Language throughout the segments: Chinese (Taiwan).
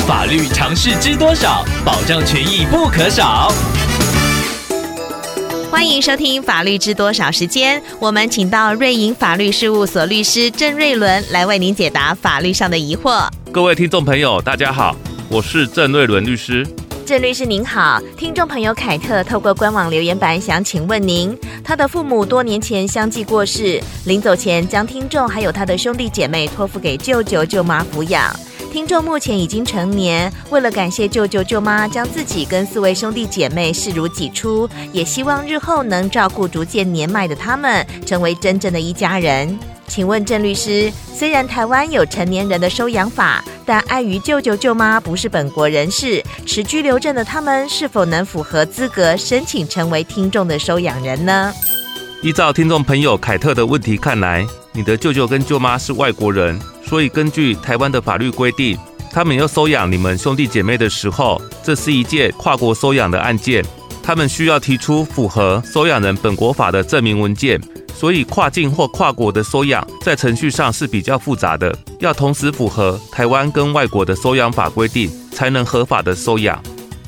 法律常識知多少，保障權益不可少。歡迎收聽《法律知多少》時間，我們請到瑞瀛法律事務所律師鄭瑞崙來為您解答法律上的疑惑。各位聽眾朋友，大家好，我是鄭瑞崙律師。鄭律師您好，聽眾朋友凱特透過官網留言板想請問您，他的父母多年前相繼過世，臨走前將聽眾還有他的兄弟姐妹托付給舅舅舅媽撫養。聽眾目前已經成年，為了感謝舅舅舅媽，將自己跟四位兄弟姐妹視如己出，也希望日後能照顧逐漸年邁的他們，成為真正的一家人。請問鄭律師，雖然台灣有成年人的收養法，但礙於舅舅舅，舅媽不是本國人士，持居留證的他們是否能符合資格申請成為聽眾的收養人呢？依照聽眾朋友凱特的問題看來，你的舅舅跟舅媽是外國人。所以，根據台灣的法律規定，他們要收養你們兄弟姐妹的時候，這是一件跨國收養的案件，他們需要提出符合收養人本國法的證明文件。所以，跨境或跨國的收養在程序上是比較複雜的，要同時符合台灣跟外國的收養法規定，才能合法的收養。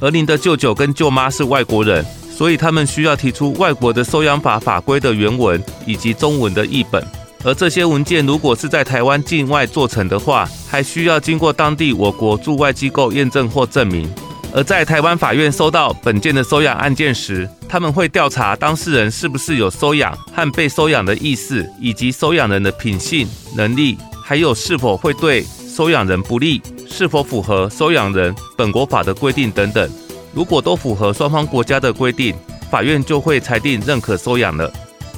而您的舅舅跟舅媽是外國人，所以他們需要提出外國的收養法法規的原文以及中文的譯本。而這些文件如果是在台灣境外做成的話，還需要經過當地我國駐外機構驗證或證明。而在台灣法院收到本件的收養案件時，他們會調查當事人是不是有收養和被收養的意思，以及收養人的品性、能力，還有是否會對收養人不利，是否符合收養人本國法的規定等等。如果都符合雙方國家的規定，法院就會裁定認可收養了。